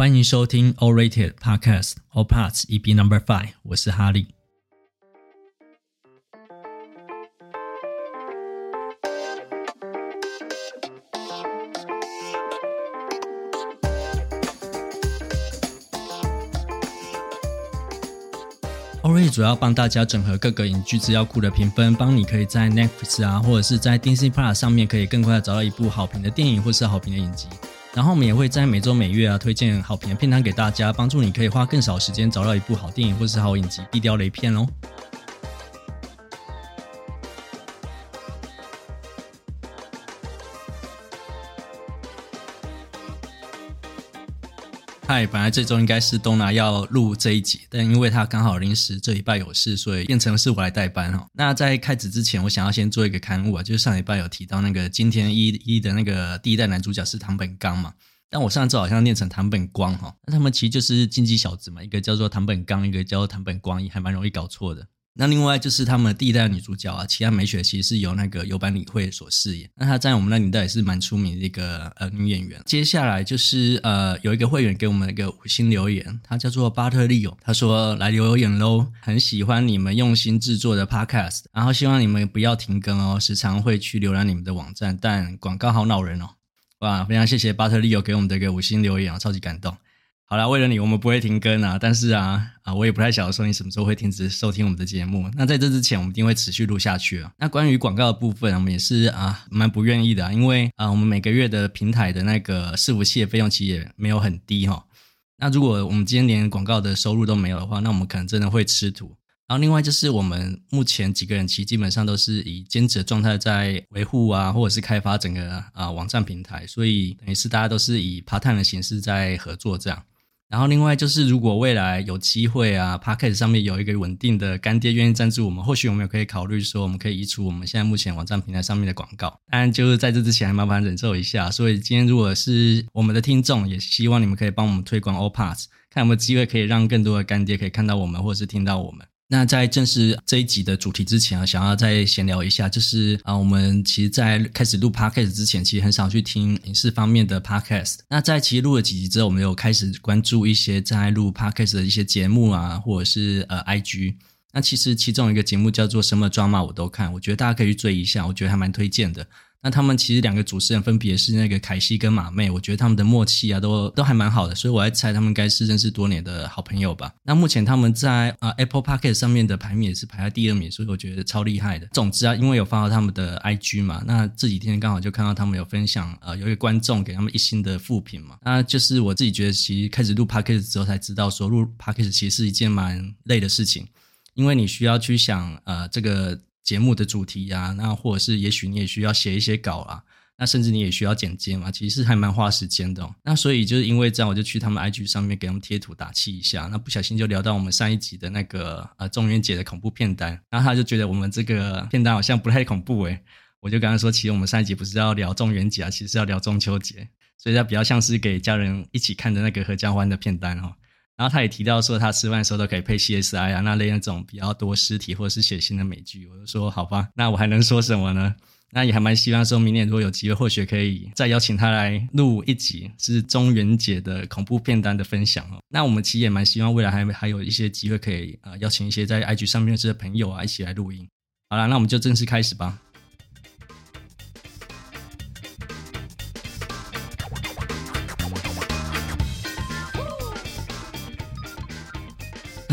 歡迎收聽 awwrated podcast opus EP number five 我是哈利 awwrated 主要幫大家整合各個影劇資料庫的評分幫你可以在 netflix 啊或者是在 Disney plus 上面可以更快地找到一部好評的電影或是好評的影集然後我們也會在每周每月啊，推薦好評片單給大家，幫助你可以花更少時間找到一部好電影或是好影集，避掉雷片哦。嗨，Hi, 本來這週應該是東娜要錄這一集，但因為他剛好臨時這禮拜有事，所以變成是我來代班哦。那在開始之前，我想要先做一個勘誤啊，就是上禮拜有提到那個金田一一的那個第一代男主角是堂本剛嘛，但我上次好像念成堂本光哈、哦，那他們其實就是近畿小子嘛，一個叫做堂本剛，一個叫做堂本光，也還蠻容易搞錯的。那另外就是他們第一代女主角啊，其他美雪其實是由那個有坂理惠所飾演。那她在我們那年代也是蠻出名的一個呃女演員。接下來就是呃有一個會員給我們一個五星留言，他叫做巴特利友，他說，來留言嘍，很喜歡你們用心制作的 Podcast，然後希望你們不要停更哦，時常會去瀏覽你們的網站，但廣告好惱人哦。哇，非常謝謝巴特利友給我們的一個五星留言，超級感動。好啦，為了你，我們不會停更啊！但是啊，啊，我也不太曉得說你什麼時候會停止收聽我們的節目。那在這之前，我們一定會持續錄下去啊。那關於廣告的部分、啊，我們也是啊，蠻不願意的，啊，因為啊，我們每個月的平台的那個伺服器的費用其實也沒有很低哈、哦。那如果我們今天連廣告的收入都沒有的話，那我們可能真的會吃土。然後另外就是我們目前幾個人其實基本上都是以兼職的狀態在維護啊，或者是開發整個啊網站平台，所以等於是大家都是以爬 e 的形式在合作這樣。然後另外就是，如果未來有機會啊，Podcast 上面有一個穩定的乾爹願意贊助我們，或許我們也可以考慮說，我們可以移除我們現在目前網站平台上面的廣告。當然就是在這之前，還麻煩忍受一下。所以今天如果是我們的聽眾，也希望你們可以幫我們推廣 awwrated 看有沒有機會可以讓更多的乾爹可以看到我們，或者是聽到我們。那在正式這一集的主題之前啊，想要再閒聊一下，就是啊、呃，我們其實，在開始錄 podcast 之前，其實很少去聽影視方面的 podcast。那在其實錄了幾集之後，我們有開始關注一些在錄 podcast 的一些節目啊，或者是呃，IG。那其實其中一個節目叫做什麼 drama，我都看，我覺得大家可以去追一下，我覺得還蠻推薦的。那他們其實兩個主持人分別是那個凱西跟馬妹，我覺得他們的默契啊都都還蠻好的，所以我還猜他們該是認識多年的好朋友吧。那目前他們在啊、呃、Apple Podcast 上面的排名也是排在第二名，所以我覺得超厲害的。總之啊，因為有發到他們的 IG 嘛，那這幾天剛好就看到他們有分享啊、呃，有些觀眾給他們一星的負評嘛。那就是我自己覺得，其實開始錄 Podcast 的時候才知道說，錄 Podcast 其實是一件蠻累的事情，因為你需要去想啊、呃、這個。節目的主題呀、啊，那或者是也許你也需要寫一些稿啊，那甚至你也需要剪接嘛，其實是還蠻花時間的、哦。那所以就是因為這樣，我就去他們 IG 上面給他們貼圖打氣一下。那不小心就聊到我們上一集的那個呃，中元節的恐怖片單，然後他就覺得我們這個片單好像不太恐怖哎。我就剛剛說，其實我們上一集不是要聊中元節啊，其實是要聊中秋節，所以它比較像是給家人一起看的那個合家歡的片單哦。然後他也提到說，他吃飯的時候都可以配 CSI 啊，那類那種比較多屍體或者是血腥的美劇。我就說好吧，那我還能說什麼呢？那也還蠻希望說，明年如果有機會，或許可以再邀請他來錄一集，是中元節的恐怖片單的分享哦。那我們其實也蠻希望未來還還有一些機會可以啊、呃、邀請一些在 IG 上面認識的朋友啊一起來錄音。好啦，那我們就正式開始吧。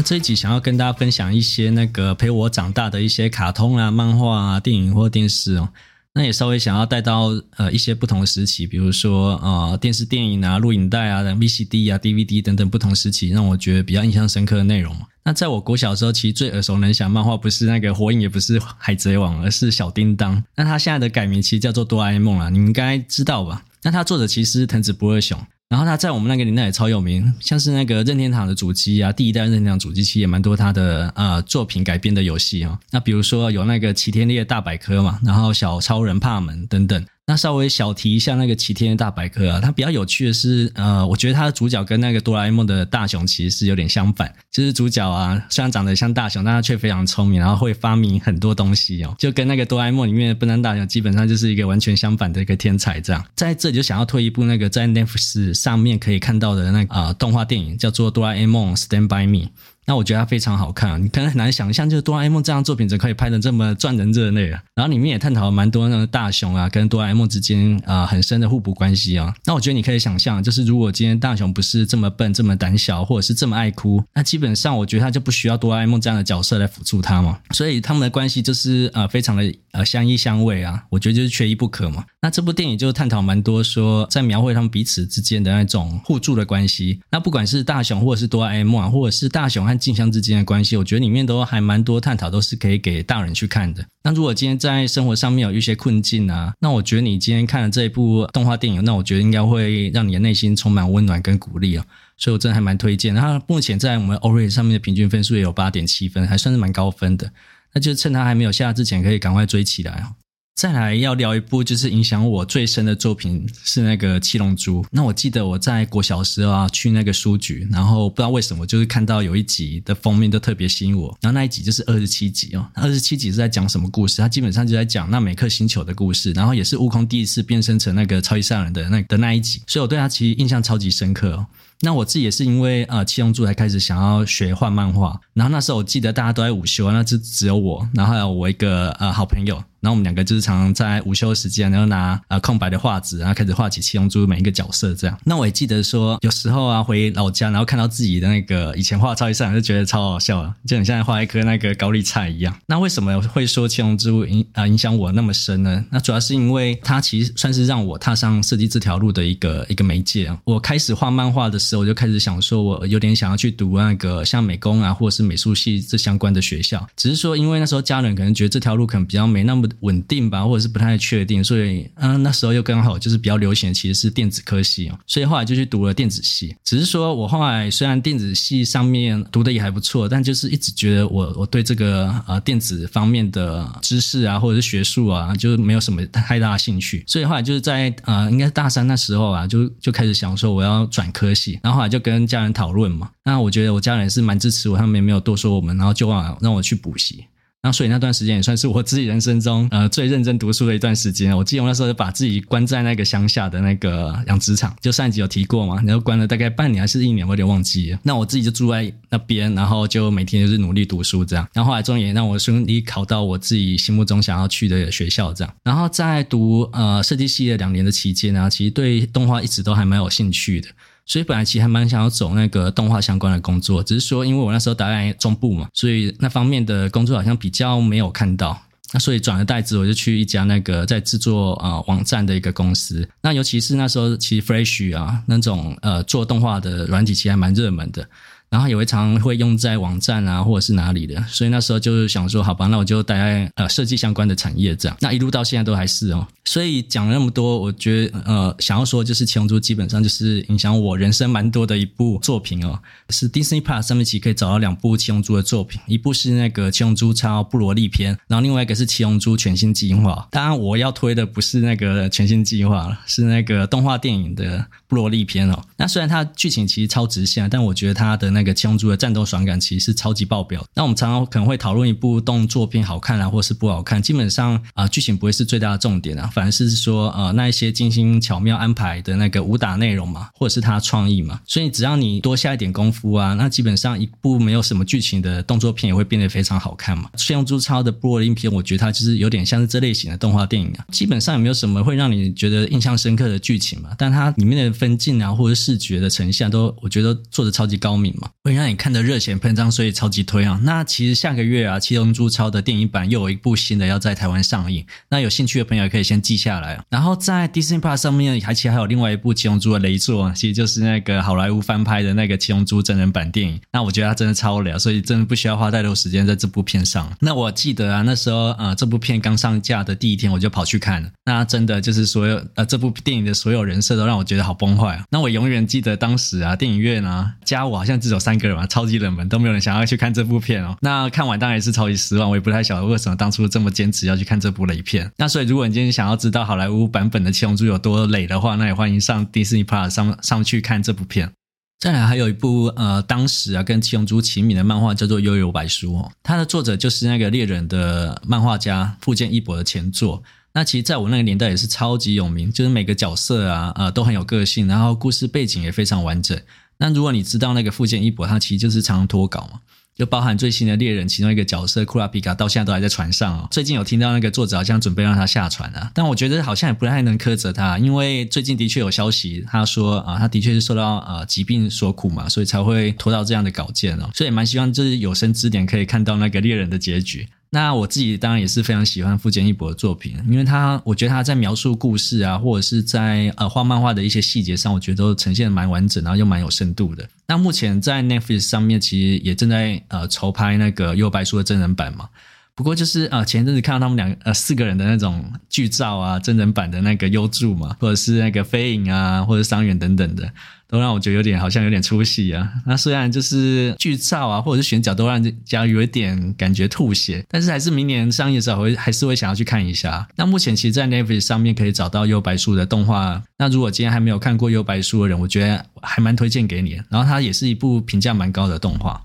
這一集想要跟大家分享一些那個陪我長大的一些卡通啊、漫畫啊、電影或電視哦，那也稍微想要帶到呃一些不同的時期，比如說呃電視、電影啊、錄影帶啊、VCD 啊、DVD 等等不同時期，讓我覺得比較印象深刻的內容。那在我國小的時候，其實最耳熟能詳漫畫不是那個《火影》，也不是《海賊王》，而是《小叮噹》。那它現在的改名其實叫做《哆啦 A 夢》啊，你們應該知道吧？那它作者其實是藤子不二雄。然後他在我們那個年代也超有名，像是那個任天堂的主機啊，第一代任天堂主機其實也蠻多他的呃作品改編的遊戲啊，那比如說有那個《奇天烈大百科》嘛，然後《小超人帕門》等等。那稍微小提一下那個《奇天的大百科》啊,它比較有趣的是，呃，我覺得它的主角跟那個《哆啦 A 夢》的大雄其實是有點相反，就是主角啊，雖然長得像大雄，但他卻非常聰明，然後會發明很多東西哦，就跟那個《哆啦 A 夢》裡面的笨蛋大雄基本上就是一個完全相反的一個天才這樣。在這裡就想要推一部那個在 Netflix 上面可以看到的那呃動畫電影，叫做《哆啦 A 夢：Stand by Me》。那我覺得它非常好看，啊，你可能很難想象，就是哆啦 A 夢這樣作品，怎可以拍得這麼賺人熱淚啊？然後裡面也探討了蠻多那個大雄啊，跟哆啦 A 夢之間啊、呃、很深的互補關係啊。那我覺得你可以想象，就是如果今天大雄不是這麼笨，這麼膽小，或者是這麼愛哭，那基本上我覺得他就不需要哆啦 A 夢這樣的角色來輔助他嘛。所以他們的關係就是呃非常的呃相依相偎啊，我覺得就是缺一不可嘛。那這部電影就探討蠻多，說在描繪他們彼此之間的那種互助的關係。那不管是大雄或者是哆啦 A 夢啊，或者是大雄還鏡像之間的關係，我覺得裡面都還蠻多探討，都是可以給大人去看的。那如果今天在生活上面有一些困境啊，那我覺得你今天看了這一部動畫電影，那我覺得應該會讓你的內心充滿溫暖跟鼓勵啊、哦。所以我真的還蠻推薦。那目前在我們 awwrated 上面的平均分數也有八點七分，還算是蠻高分的。那就趁它還沒有下之前，可以趕快追起來哦。再來要聊一部，就是影響我最深的作品是那個《七龍珠》。那我記得我在國小時候啊，去那個書局，然後不知道為什麼，我就是看到有一集的封面都特別吸引我。然後那一集就是二十七集哦，二十七集是在講什麼故事？它基本上就在講那美克星球的故事，然後也是悟空第一次變身成那個超級賽亞人的那的那一集，所以我對他其實印象超級深刻哦。那我自己也是因為呃《七龍珠》才開始想要學畫漫畫。然後那時候我記得大家都在午休，那就只有我，然後還有我一個呃好朋友。那我們兩個就是常，常在午休的時間，然後拿啊、呃、空白的畫紙，然後開始畫起《七龍珠》每一個角色這樣。那我也記得說，有時候啊回老家，然後看到自己的那個以前畫的超級賽亞就覺得超好笑啊，就很像現在畫一顆那個高麗菜一樣。那為什麼會說《七龍珠》影、呃、啊影響我那麼深呢？那主要是因為它其實算是讓我踏上設計這條路的一個一個媒介啊。我開始畫漫畫的時候，我就開始想說，我有點想要去讀那個像美工啊，或者是美術系這相關的學校。只是說，因為那時候家人可能覺得這條路可能比較沒那麼。穩定吧，或者是不太確定，所以嗯、呃，那時候又剛好就是比較流行，其實是電子科系。所以後來就去讀了電子系。只是說我後來雖然電子系上面讀的也還不錯，但就是一直覺得我我對這個呃電子方面的知識啊，或者是學術啊，就是沒有什麼太大興趣。所以後來就是在呃，應該是大三那時候啊，就就開始想說我要轉科系，然後後來就跟家人討論嘛。那我覺得我家人是蠻支持我，他們也沒有多說我們，然後就讓、啊、讓我去補習。然後，那所以那段時間也算是我自己人生中呃最認真讀書的一段時間。我記得我那時候把自己關在那個鄉下的那個養殖場，就上一集有提過嘛，然後關了大概半年還是一年，我有點忘記了。那我自己就住在那邊，然後就每天就是努力讀書這樣。然後後來終於讓我順利考到我自己心目中想要去的學校這樣。然後在讀呃設計系的兩年的期間呢、啊，其實對動畫一直都還蠻有興趣的。所以本來其實還蠻想要走那個動畫相關的工作，只是說因為我那時候待在中部嘛，所以那方面的工作好像比較沒有看到。那所以轉而代之，我就去一家那個在製作啊、呃、網站的一個公司。那尤其是那時候其實 Flash 啊那種呃做動畫的軟體其實還蠻熱門的。然後有一場會用在網站啊，或者是哪裡的，所以那時候就是想說，好吧，那我就大概呃設計相關的產業這樣。那一路到現在都還是哦。所以講了那麼多，我覺得呃想要說，就是《七龍珠》基本上就是影響我人生蠻多的一部作品哦。是 Disney Plus 上面其實可以找到兩部《七龍珠》的作品，一部是那個《七龍珠超布羅利篇》，然後另外一個是《七龍珠全新計劃》。當然我要推的不是那個《全新計劃》，是那個動畫電影的《布羅利篇》哦。那雖然它劇情其實超直線，但我覺得它的那。那個七龍珠的戰鬥爽感其實是超級爆表的。那我們常常可能會討論一部動作片好看啊，或是不好看，基本上啊呃，劇情不會是最大的重點啊，反而是說呃那一些精心巧妙安排的那個武打內容嘛，或者是他創意嘛。所以只要你多下一點功夫啊，那基本上一部沒有什麼劇情的動作片也會變得非常好看嘛。七龍珠超的布洛尼的影片，我覺得它就是有點像是這類型的動畫電影啊，基本上也沒有什麼會讓你覺得印象深刻的劇情嘛，但它裡面的分鏡啊，或者視覺的呈現都我覺得做的超級高明嘛。會讓你看得熱血噴張，所以超級推啊！那其實下個月啊，《七龍珠》超的電影版又有一部新的要在台灣上映，那有興趣的朋友可以先記下來。然後在 Disney Plus 上面，還其實還有另外一部《七龍珠》的雷作，啊，其實就是那個好萊塢翻拍的那個《七龍珠》真人版電影。那我覺得它真的超無聊啊，所以真的不需要花太多時間在這部片上。那我記得啊，那時候呃，這部片剛上架的第一天，我就跑去看了。那真的就是所有呃，這部電影的所有人設都讓我覺得好崩壞啊！那我永遠記得當時啊，電影院啊，加我好像這種。三個人嘛，超級冷門，都沒有人想要去看這部片哦。那看完當然也是超級失望，我也不太曉得為什麼當初這麼堅持要去看這部雷片。那所以，如果你今天想要知道好萊塢版本的七龍珠有多雷的話，那也歡迎上迪士尼 Plus 上上去看這部片。再來，還有一部呃，當時啊，跟七龍珠齊名的漫畫叫做《幽遊白書》哦，它的作者就是那個獵人的漫畫家富樫義博的前作。那其實在我那個年代也是超級有名，就是每個角色啊，呃，都很有個性，然後故事背景也非常完整。那如果你知道那個富堅義博，他其實就是常常拖稿嘛。就包含最新的獵人，其中一個角色庫拉皮卡到現在都還在船上哦。最近有聽到那個作者好像準備讓他下船啊，但我覺得好像也不太能苛責他，因為最近的確有消息，他說啊，他的確是受到呃疾病所苦嘛，所以才會拖到這樣的稿件哦。所以也蠻希望就是有生之年可以看到那個獵人的結局。那我自己當然也是非常喜歡富堅義博的作品，因為他我覺得他在描述故事啊，或者是在呃、啊、畫漫畫的一些細節上，我覺得都呈現的蠻完整，然後又蠻有深度的。那目前在 Netflix 上面其實也正在。呃，籌拍那個《幽白書》的真人版嘛，不過就是啊、呃，前一陣子看到他們兩呃四個人的那種劇照啊，真人版的那個幽助嘛，或者是那個飛影啊，或者桑原等等的，都讓我覺得有點好像有點出戲啊。那雖然就是劇照啊，或者是選角都讓人家有點感覺吐血，但是還是明年上映的時候會還是會想要去看一下。那目前其實在 Netflix 上面可以找到《幽白書》的動畫。那如果今天還沒有看過《幽白書》的人，我覺得還蠻推薦給你。然後它也是一部評價蠻高的動畫。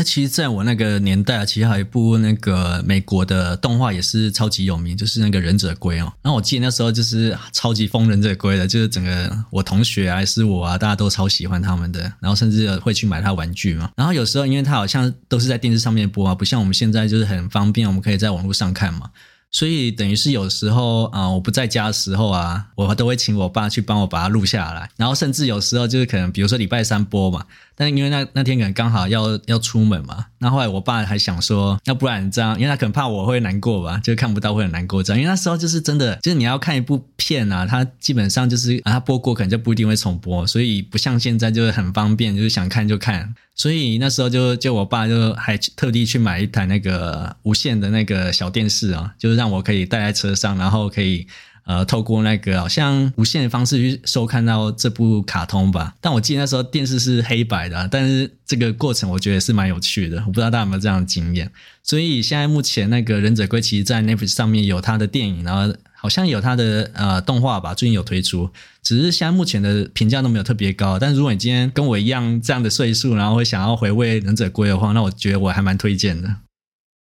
那其實，在我那個年代啊，其實還有一部那個美國的動畫也是超級有名，就是那個《忍者龜》哦。然後我記得那時候就是超級瘋《忍者龜》的，就是整個我同學、啊、還是我啊，大家都超喜歡他們的，然後甚至會去買他玩具嘛。然後有時候因為他好像都是在電視上面播啊，不像我們現在就是很方便，我們可以在網絡上看嘛。所以等於是有時候啊、呃，我不在家的時候啊，我都會請我爸去幫我把它錄下來。然後甚至有時候就是可能，比如說禮拜三播嘛。但因為那那天可能剛好要要出門嘛，那後來我爸還想說，要不然這樣，因為他可能怕我會難過吧，就看不到會很難過這樣。因為那時候就是真的，就是你要看一部片啊，它基本上就是、啊、它播過，可能就不一定會重播，所以不像現在就是很方便，就是想看就看。所以那時候就就我爸就還特地去買一台那個無線的那個小電視啊，就是讓我可以帶在車上，然後可以。呃，透過那個好像無線的方式去收看到這部卡通吧。但我記得那時候電視是黑白的啊，但是這個過程我覺得是蠻有趣的。我不知道大家有沒有這樣的經驗。所以現在目前那個忍者龜其實在 Netflix 上面有它的電影，然後好像有它的呃動畫吧，最近有推出。只是現在目前的評價都沒有特別高。但是如果你今天跟我一樣這樣的歲數，然後會想要回味忍者龜的話，那我覺得我還蠻推薦的。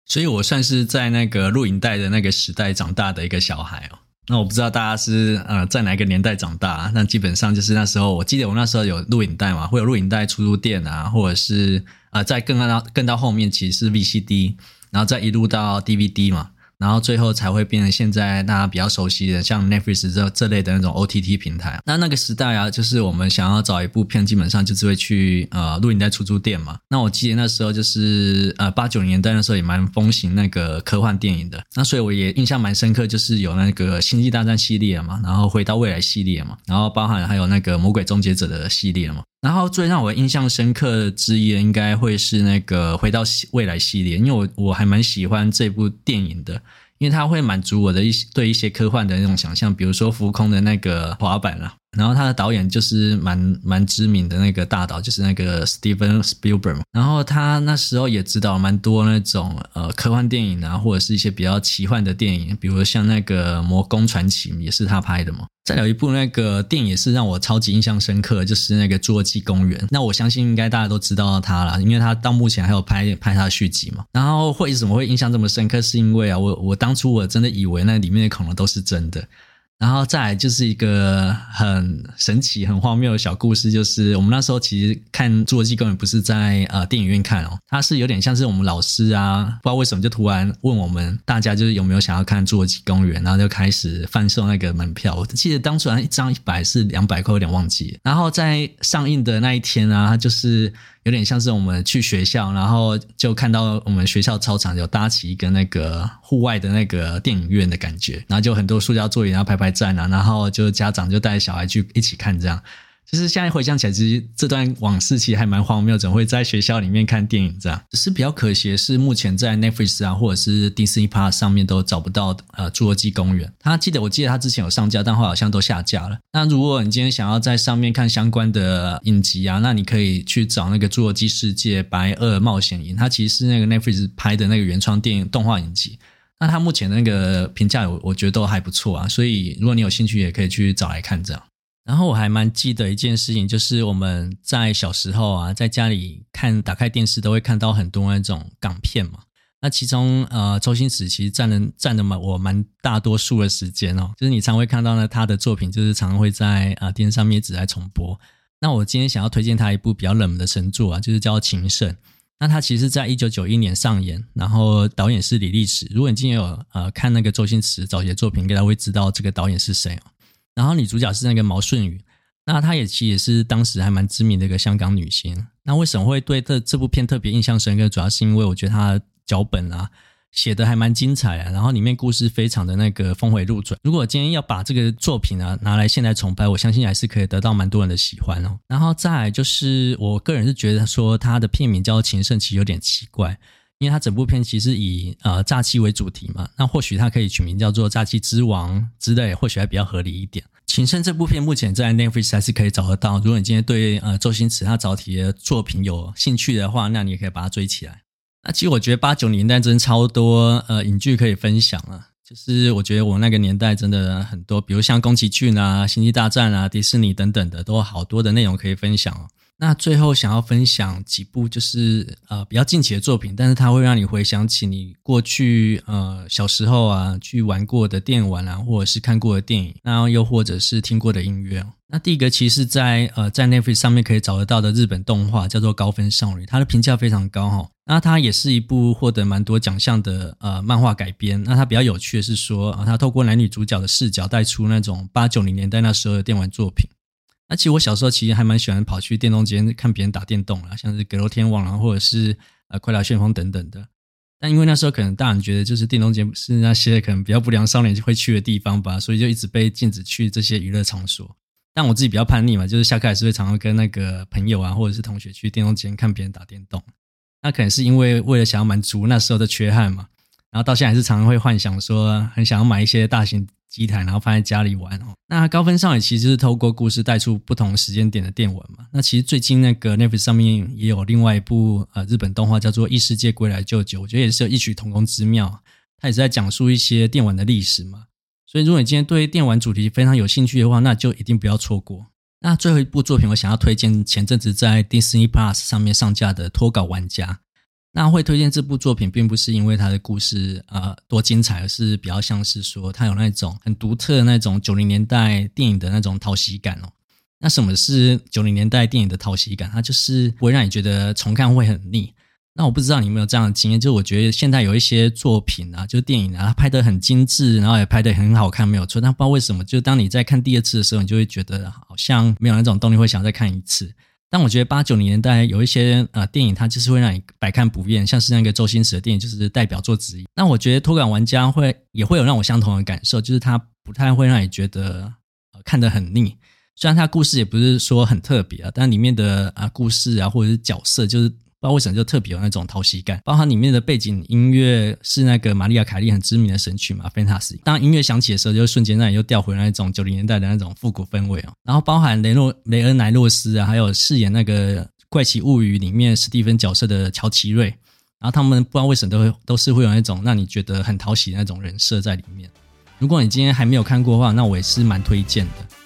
所以我算是在那個錄影帶的那個時代長大的一個小孩哦。那我不知道大家是呃在哪一個年代長大，那基本上就是那時候，我記得我那時候有錄影帶嘛，會有錄影帶出租店啊，或者是啊再、呃、更到更到後面其實是 VCD，然後再一路到 DVD 嘛。然後最後才會變成現在大家比較熟悉的像 Netflix 這這類的那種 OTT 平台。那那個時代啊，就是我們想要找一部片，基本上就是會去呃錄影帶出租店嘛。那我記得那時候就是呃八九年代那時候也蠻風行那個科幻電影的。那所以我也印象蠻深刻，就是有那個《星際大戰》系列嘛，然後《回到未來》系列嘛，然後包含還有那個《魔鬼終結者》的系列嘛。然後最讓我印象深刻之一，應該會是那個《回到未來》系列，因為我我還蠻喜歡這部電影的。因為它會滿足我的一些對一些科幻的那種想象，比如說浮空的那個滑板啊。然後他的導演就是蠻蠻知名的那個大導，就是那個 Steven Spielberg 嘛。然後他那時候也知道蠻多那種呃科幻電影啊，或者是一些比較奇幻的電影，比如像那個《魔宮傳奇》也是他拍的嘛。再有一部那個電影也是讓我超級印象深刻的，就是那個《侏羅紀公園》。那我相信應該大家都知道了他了，因為他到目前還有拍拍他的續集嘛。然後會怎麼會印象這麼深刻，是因為啊，我我當初我真的以為那裡面的恐龍都是真的。然後再來就是一個很神奇、很荒謬的小故事，就是我們那時候其實看《侏羅紀公園》不是在呃電影院看哦，它是有點像是我們老師啊，不知道為什麼就突然問我們大家就是有沒有想要看《侏羅紀公園》，然後就開始販售那個門票。我記得當初好像一張一百是兩百塊，有點忘記。然後在上映的那一天啊，它就是。有點像是我們去學校，然後就看到我們學校操場有搭起一個那個戶外的那個電影院的感覺，然後就很多塑膠座椅，然後排排站啊，然後就家長就帶小孩去一起看這樣。其實現在回想起來，其實這段往事其實還蠻荒謬，怎麼會在學校裡面看電影這樣？只是比較可惜的是目前在 Netflix 啊，或者是 Disney Plus 上面都找不到的呃《侏羅紀公園》啊。他記得，我記得他之前有上架，但後好像都下架了。那如果你今天想要在上面看相關的影集啊，那你可以去找那個《侏羅紀世界：白堊冒險營》，它其實是那個 Netflix 拍的那個原創電影動畫影集。那他目前的那個評價我，我我覺得都還不錯啊。所以如果你有興趣，也可以去找來看這樣。然後我還蠻記得一件事情，就是我們在小時候啊，在家裡看打開電視都會看到很多那種港片嘛。那其中呃，周星馳其實佔了佔了蠻我蠻大多數的時間哦。就是你常會看到呢他的作品，就是常會在啊、呃、電視上面一直在重播。那我今天想要推薦他一部比較冷門的神作啊，就是叫《情聖》。那他其實在一九九一年上演，然後導演是李力持。如果你今天有呃看那個周星馳早期的作品，應該會知道這個導演是誰哦。然後女主角是那個毛舜筠，那她也其實也是當時還蠻知名的一個香港女星。那為什麼會對這這部片特別印象深刻？主要是因為我覺得她的腳本啊寫的還蠻精彩啊，然後裡面故事非常的那個峰回路轉。如果今天要把這個作品啊拿來現代重拍，我相信還是可以得到蠻多人的喜歡哦。然後再來就是我個人是覺得說她的片名叫《情聖》，其實有點奇怪。因為它整部片其實以呃詐欺為主題嘛，那或許它可以取名叫做《詐欺之王》之類，或許還比較合理一點。《情聖》這部片目前在 Netflix 還是可以找得到。如果你今天對呃周星馳他早期的作品有興趣的話，那你也可以把它追起來。那其實我覺得八九年代真超多呃影劇可以分享啊。就是我覺得我那個年代真的很多，比如像宮崎駿啊、星際大戰啊、迪士尼等等的，都有好多的內容可以分享哦。那最後想要分享幾部就是呃比較近期的作品，但是它會讓你回想起你過去呃小時候啊去玩過的電玩啊，或者是看過的電影，那又或者是聽過的音樂。那第一個其實在、呃，在呃在 Netflix 上面可以找得到的日本動畫叫做《高分少女》，它的評價非常高哈、哦。那它也是一部獲得蠻多獎項的呃漫畫改編。那它比較有趣的是說啊，它透過男女主角的視角帶出那種八九零年代那時候的電玩作品。那其實我小時候其實還蠻喜歡跑去電動間看別人打電動啦，像是《格鬥天王》啊啦，或者是呃《快打旋風》等等的。但因為那時候可能大人覺得就是電動間是那些可能比較不良少年會去的地方吧，所以就一直被禁止去這些娛樂場所。但我自己比較叛逆嘛，就是下課還是會常常跟那個朋友啊或者是同學去電動間看別人打電動。那可能是因為為了想要滿足那時候的缺憾嘛，然後到現在還是常常會幻想說，很想要買一些大型機台，然後放在家裡玩哦。那《高分少女》其實是透過故事帶出不同時間點的電玩嘛。那其實最近那個 Netflix 上面也有另外一部呃日本動畫叫做《異世界歸來舅舅》，我覺得也是有異曲同工之妙。它也是在講述一些電玩的歷史嘛。所以如果你今天對電玩主題非常有興趣的話，那就一定不要錯過。那最後一部作品，我想要推薦前陣子在 Disney Plus 上面上架的《脫稿玩家》。那會推薦這部作品，並不是因為它的故事呃多精彩，而是比較像是說它有那種很獨特的那種九零年代電影的那種討喜感哦。那什麼是九零年代電影的討喜感？它就是不會讓你覺得重看會很膩。那我不知道你有沒有這樣的經驗，就是我覺得現在有一些作品啊，就是電影啊，它拍得很精緻，然後也拍得很好看，沒有錯。但不知道為什麼，就當你在看第二次的時候，你就會覺得好像沒有那種動力，會想再看一次。但我覺得八九年代有一些啊、呃、電影，它就是會讓你百看不厭，像是那個周星馳的電影，就是代表作之一。那我覺得《脫稿玩家》會也會有讓我相同的感受，就是它不太會讓你覺得、呃、看得很膩。雖然它故事也不是說很特別啊，但裡面的啊、呃、故事啊或者是角色，就是。不知道為什麼就特別有那種討喜感，包含裡面的背景音樂是那個瑪麗亞·凱莉很知名的神曲嘛，《Fantasy》。當音樂響起的時候，就瞬間讓你又調回那種九零年代的那種復古氛圍哦。然後包含雷諾雷恩·萊洛斯啊，還有飾演那個《怪奇物語》裡面史蒂芬角色的喬·奇瑞，然後他們不知道為什麼都會都是會有那種讓你覺得很討喜的那種人設在裡面。如果你今天還沒有看過的話，那我也是蠻推薦的。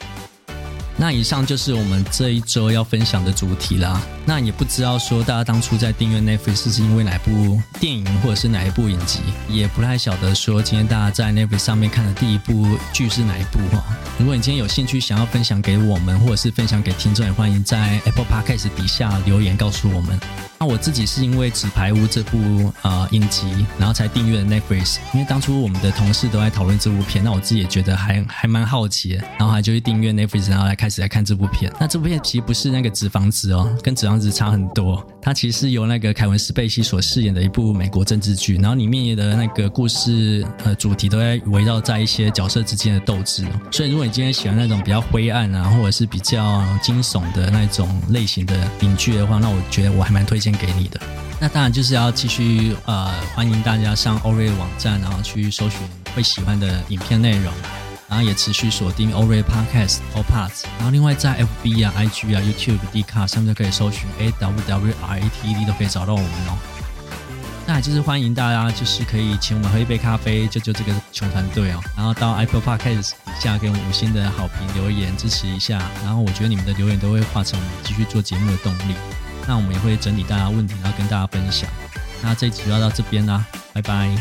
那以上就是我們這一周要分享的主題啦。那也不知道說大家當初在訂閱 Netflix 是因為哪部電影或者是哪一部影集，也不太曉得說今天大家在 Netflix 上面看的第一部劇是哪一部哈、啊。如果你今天有興趣想要分享給我們或者是分享給聽眾，也歡迎在 Apple Podcast 底下留言告訴我們。那我自己是因為《紙牌屋》這部呃影集，然後才訂閱了 Netflix，因為當初我們的同事都在討論這部片，那我自己也覺得還還蠻好奇的，然後還就去訂閱 Netflix，然後來開始來看這部片。那這部片其實不是那個《紙房子》哦，跟《紙房子》差很多。它其實是由那個凱文·史貝西所飾演的一部美國政治劇，然後裡面的那個故事呃主題都在圍繞在一些角色之間的鬥智。所以如果你今天喜歡那種比較灰暗啊，或者是比較驚悚的那種類型的影劇的話，那我覺得我還蠻推薦給你的，那當然就是要繼續呃，歡迎大家上 awwrated 的網站，然後去搜尋會喜歡的影片內容，然後也持續鎖定 awwrated Podcast All Pods，然後另外在 FB 啊、IG 啊、YouTube Dcard 上面就可以搜尋 awwrated 都可以找到我們哦。那也就是歡迎大家，就是可以請我們喝一杯咖啡，救救這個窮團隊哦。然後到 Apple Podcast 下給我們五星的好評留言支持一下，然後我覺得你們的留言都會化成我們繼續做節目的動力。那我們也會整理大家問題，然後跟大家分享。那這一集就要到這邊啦，拜拜。